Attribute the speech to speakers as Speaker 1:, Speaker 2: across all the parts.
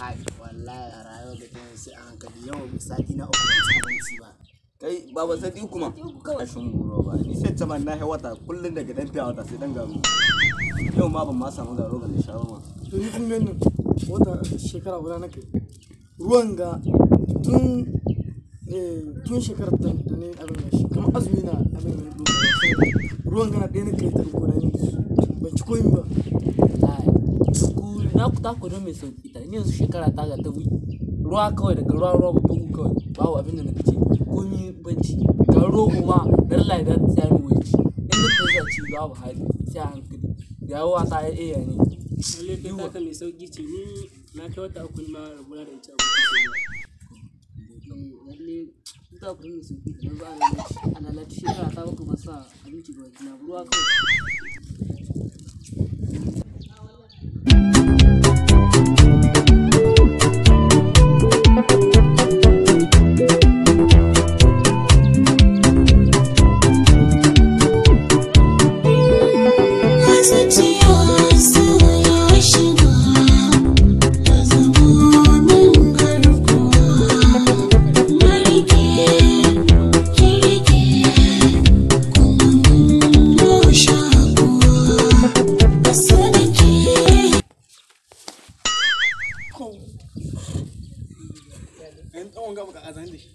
Speaker 1: Kai wallahi rayuwar da ta sai a hankali yau sati na uku ban ci abinci ba. Kai baba sati kuma kashin goro ba ni sai ta man nahi wata kullun daga dan fiya wata sai dan garo. Yau ma ban ma samu garo ga shawarma. To ni kun nan wata shekara guda nake. Ruwan ga tun eh, tun shekarar ta da ne abin da shi kamar azumi na abin da ruwan gana ɗaya na kai ta riko na ban ci koyi ba. na ku ku mai sauki ta ne yanzu shekara ta ga ta ruwa kawai daga ruwa ruwa ba bugu kawai babu abin da nake ce komi banci ga rogo ma dan laida ta tsaya mu wuce inda ta za ci ba hali sai hankali ga wa ta ya iya ne lalle ta mai sauki ce ni na kai wata uku ma da ita lalle ta ku ba shekara ta ba kawai ga baka azan da shi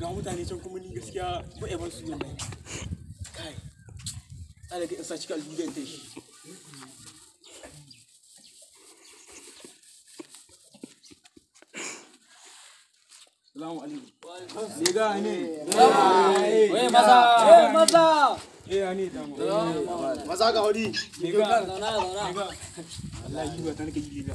Speaker 1: ga mutane can kuma ni gaskiya ba a ban su yin nan kai ala ga isa cika aljudan ta shi Salamu alaikum. Ne ga ne. Wai maza. Wai maza. Eh, eh ani eh, Maza ga hodi. Ne ga. Ne ga. Allah yi wa ta yi ga.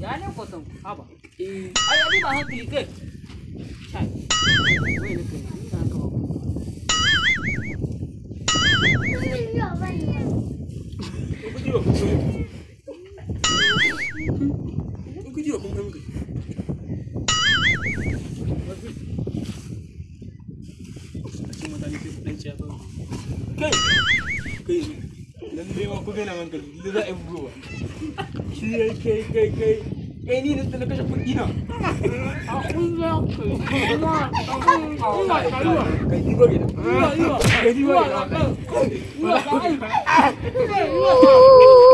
Speaker 1: 家里有火好吧。哎，你把火桶拎开。啥？给我拎开。给我。你给我。你 zai ma buga eh, na hankali da